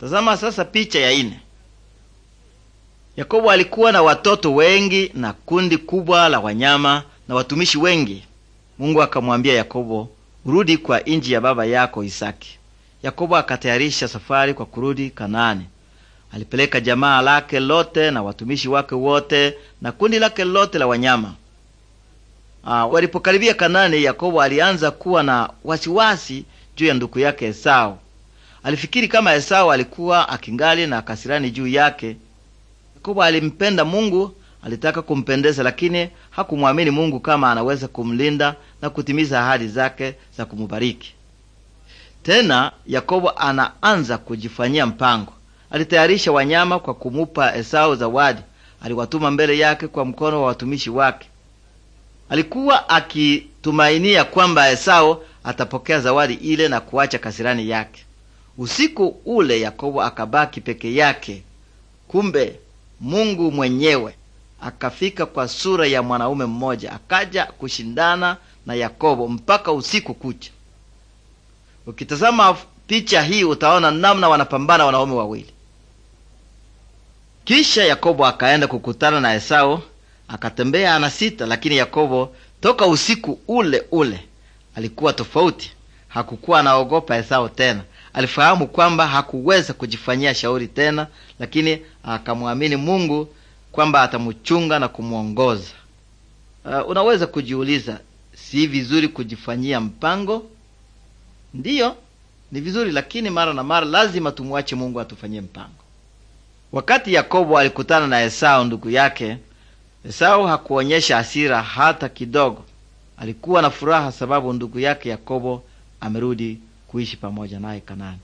Tazama sasa picha ya ine. Yakobo alikuwa na watoto wengi na kundi kubwa la wanyama na watumishi wengi. Mungu akamwambia Yakobo, urudi kwa inji ya baba yako Isaki. Yakobo akatayarisha safari kwa kurudi Kanaani. Alipeleka jamaa lake lote na watumishi wake wote na kundi lake lote la wanyama. Aa, ah, walipokaribia Kanaani, Yakobo alianza kuwa na wasiwasi juu ya ndugu yake Esau. Alifikiri kama Esau alikuwa akingali na kasirani juu yake. Yakobo alimpenda Mungu, alitaka kumpendeza, lakini hakumwamini Mungu kama anaweza kumlinda na kutimiza ahadi zake za kumubariki. Tena Yakobo anaanza kujifanyia mpango. Alitayarisha wanyama kwa kumupa Esau zawadi. Aliwatuma mbele yake kwa mkono wa watumishi wake. Alikuwa akitumainia kwamba Esau atapokea zawadi ile na kuacha kasirani yake. Usiku ule Yakobo akabaki peke yake. Kumbe Mungu mwenyewe akafika kwa sura ya mwanaume mmoja, akaja kushindana na Yakobo mpaka usiku kucha. Ukitazama picha hii utaona namna wanapambana wanaume wawili. Kisha Yakobo akaenda kukutana na Esau, akatembea ana sita, lakini Yakobo toka usiku ule ule alikuwa tofauti. Hakukuwa anaogopa Esau tena, alifahamu kwamba hakuweza kujifanyia shauri tena, lakini akamwamini Mungu kwamba atamchunga na kumwongoza. Uh, unaweza kujiuliza, si vizuri kujifanyia mpango? Ndiyo, ni vizuri, lakini mara na mara lazima tumwache Mungu atufanyie mpango. Wakati Yakobo alikutana na Esau ndugu yake, Esau hakuonyesha hasira hata kidogo. Alikuwa na furaha sababu ndugu yake Yakobo amerudi kuishi pamoja naye kanani